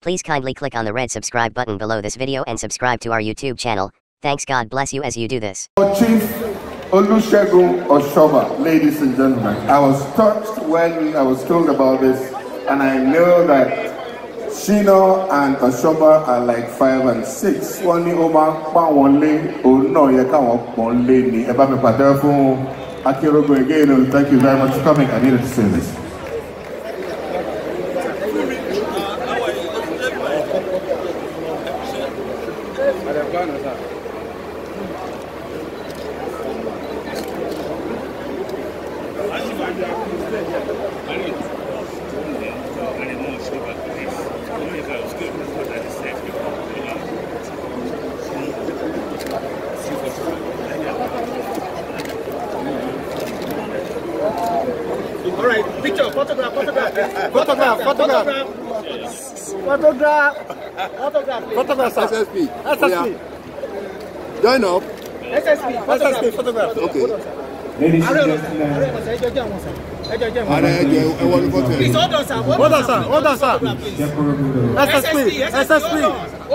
Please kindly click on the red subscribe button below this video and subscribe to our YouTube channel. Thanks God bless you as you do this. Oh, Chief Olusegun Oshoma, ladies and gentlemen, I was touched when I was told about this and I know that Shino and Oshoma are like five and six. Wọ́n ní ó máa ń pọ́n wọn lé, òun náà yẹ káwọn pọ́n lé ni. o no n pon won le oun naa Thank you very much for coming. I needed to say this. All right, picture, photograph, photograph, photograph, photograph, photograph, photograph, photograph, SSP, SSP. Join up. SSP, SSP, photograph. Okay. Ladies and gentlemen. Ààrẹ ẹgbẹ́ ẹwọ ní kọ́tù ẹ̀. Hold on sir, hold on sir, hold on sir. SSP, SSP,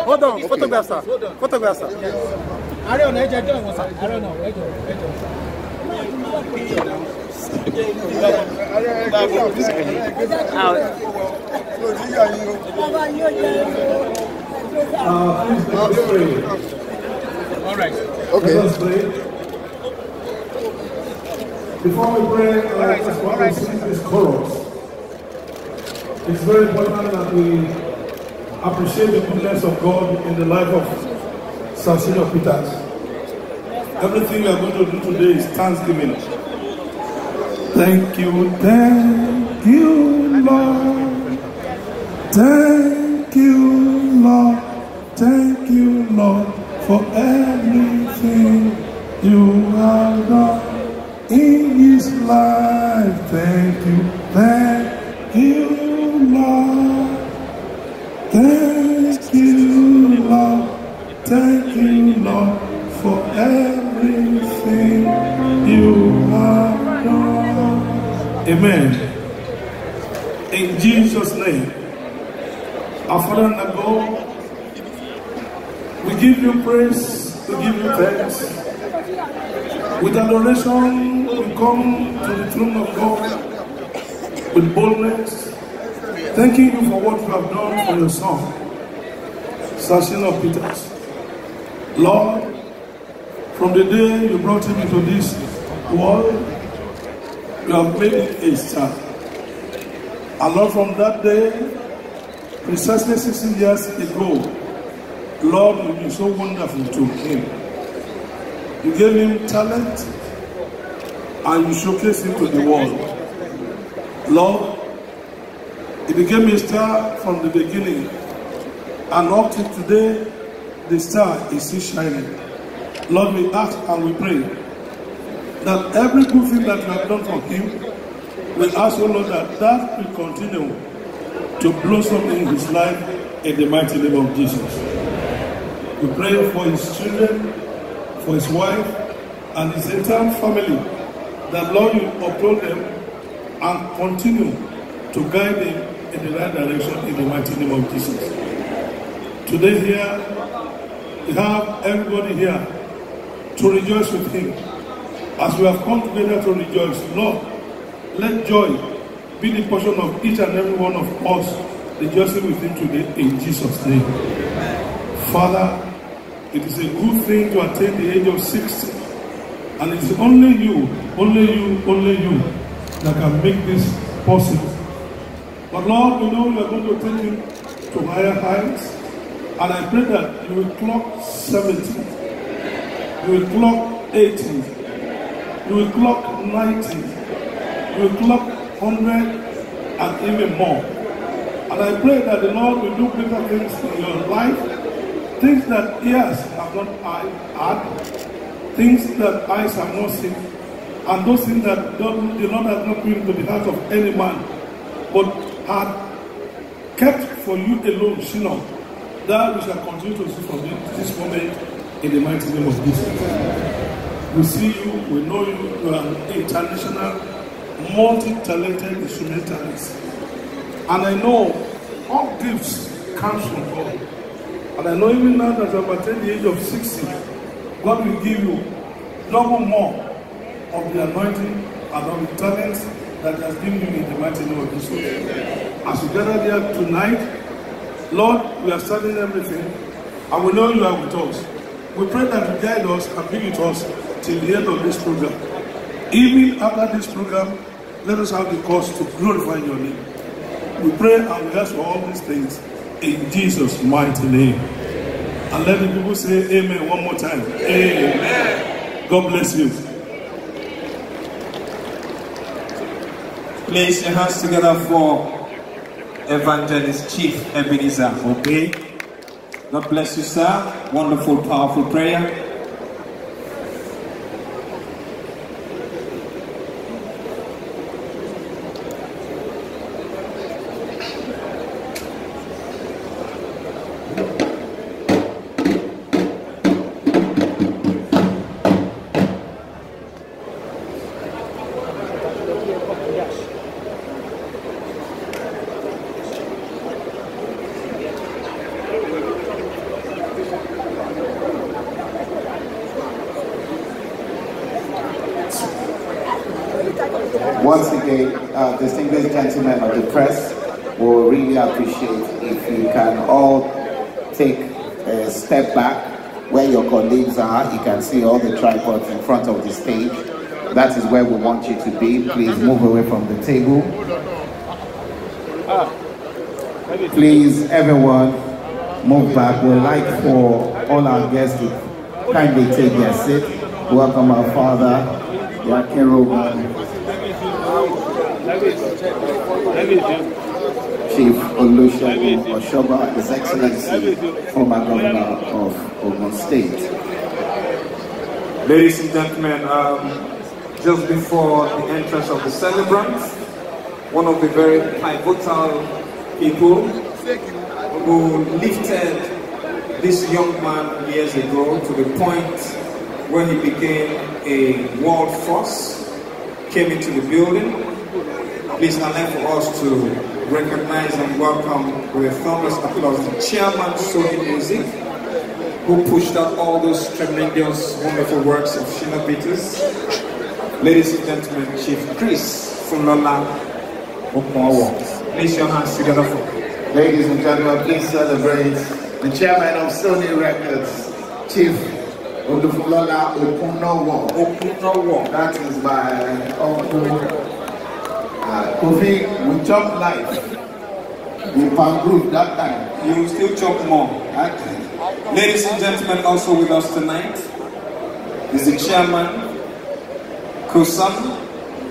hold on, photograph sir, photograph sir. Ààrẹ ọ̀nà ẹ̀jẹ̀ ẹjọ́ ìwọ̀n sir, ààrẹ ọ̀nà ẹ̀jọ̀ All right. Okay. Let us pray. Before we pray, let us sing this chorus, it's very important that we appreciate the goodness of God in the life of Saint Peters. Everything we are going to do today is thanksgiving. Thank you, thank you, Lord. Thank you, Lord. Thank you, Lord, for everything. Amen. In Jesus' name, our Father and our God, we give you praise, we give you thanks. With adoration, we come to the throne of God with boldness, thanking you for what you have done for your son, Sachin of Peters. Lord, from the day you brought him into this world, You have made it a star. And Lord, from that day, precisely 16 years ago, Lord, you've been so wonderful to him. You gave him talent and you showcased him to the world. Lord, he became a star from the beginning and up to today, the star is still shining. Lord, we ask and we pray that every good thing that we have done for him, we ask, O Lord, that that will continue to blossom in his life in the mighty name of Jesus. We pray for his children, for his wife, and his entire family, that Lord, you uphold them and continue to guide them in the right direction in the mighty name of Jesus. Today here, we have everybody here to rejoice with him. As we have come together to rejoice, Lord, let joy be the portion of each and every one of us rejoicing with Him today in Jesus' name. Father, it is a good thing to attain the age of 60. And it's only you, only you, only you that can make this possible. But Lord, we know we are going to take you to higher heights. And I pray that you will clock 70. You will clock 80. You will clock 90, you will clock 100, and even more. And I pray that the Lord will do greater things in your life, things that ears have not heard, things that eyes have not seen, and those things that the Lord has not put into the heart of any man, but had kept for you alone, Shinon, that we shall continue to see from this moment in the mighty name of Jesus. We see you, we know you, you are an international, multi-talented instrumentalist. And I know all gifts come from God. And I know even now that I'm at the age of 60, God will give you double more of the anointing and of the talents that has given you in the mighty name of Jesus. As we gather here tonight, Lord, we are studying everything, and we know you are with us. We pray that you guide us and be with us till the end of this program. Even after this program, let us have the cause to glorify your name. We pray and we ask for all these things in Jesus' mighty name. And let the people say amen one more time. Amen. amen. God bless you. Place your hands together for Evangelist Chief Ebenezer. Okay? God bless you, sir. Wonderful, powerful prayer. Once again, uh, distinguished gentlemen of the press, we will really appreciate if you can all take a step back where your colleagues are. You can see all the tripods in front of the stage. That is where we want you to be. Please move away from the table. Please, everyone, move back. We'd like for all our guests to kindly take their seat. Welcome our father, Yakin Rogan. Chief Olusegun Oshoba, His Excellency, former governor of Ogun State. Ladies and gentlemen, um, just before the entrance of the celebrants, one of the very pivotal people who lifted this young man years ago to the point where he became a world force, came into the building, Please allow for us to recognize and welcome with thunderous applause the chairman Sony Music, who pushed out all those tremendous, wonderful works of Shina Peters. Ladies and gentlemen, Chief Chris Funlola Okumwawo. Please your hands together for Ladies and gentlemen, please celebrate the chairman of Sony Records, Chief Odufulola Okunowo. Okunowo. That is my uncle. Coffee, Kofi, we chop life in Palm group that time. You will still chop more. That Ladies and gentlemen, also with us tonight is the chairman, Kusan,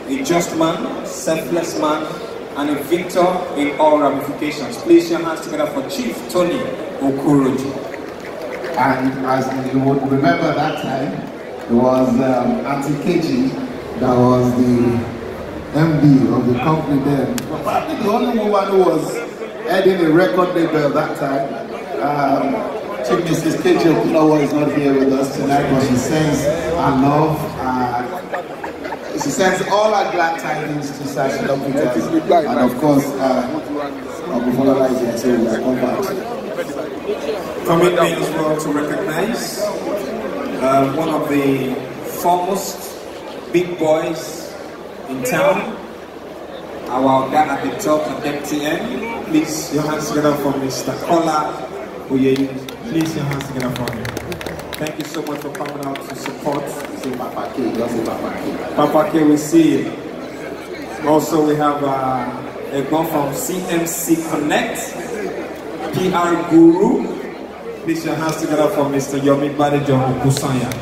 a just man, selfless man, and a victor in all ramifications. Please your hands together for Chief Tony Okoroji. And as you would remember that time, it was um, Auntie that was the MD of the company then. Probably the only one who was heading a record label that time. Um, Chief Mrs. KJ Okulawa is not here with us tonight, but she sends our love. Uh, she sends all our glad tidings to Sashi Love And of course, uh, Abu Falala is here, so we'll come back. with me as well to recognize uh, one of the foremost big boys in town. Our guy at the top of MTN. Please, your hands together for Mr. Kola Oyeyi. Please, your hands together for him. Thank you so much for coming out to support. Say Papa K, do Papa K. Papa K, we see you. Also, we have uh, a girl from CMC Connect, PR Guru. Please, your hands together for Mr. Yomi Badejo Kusanya.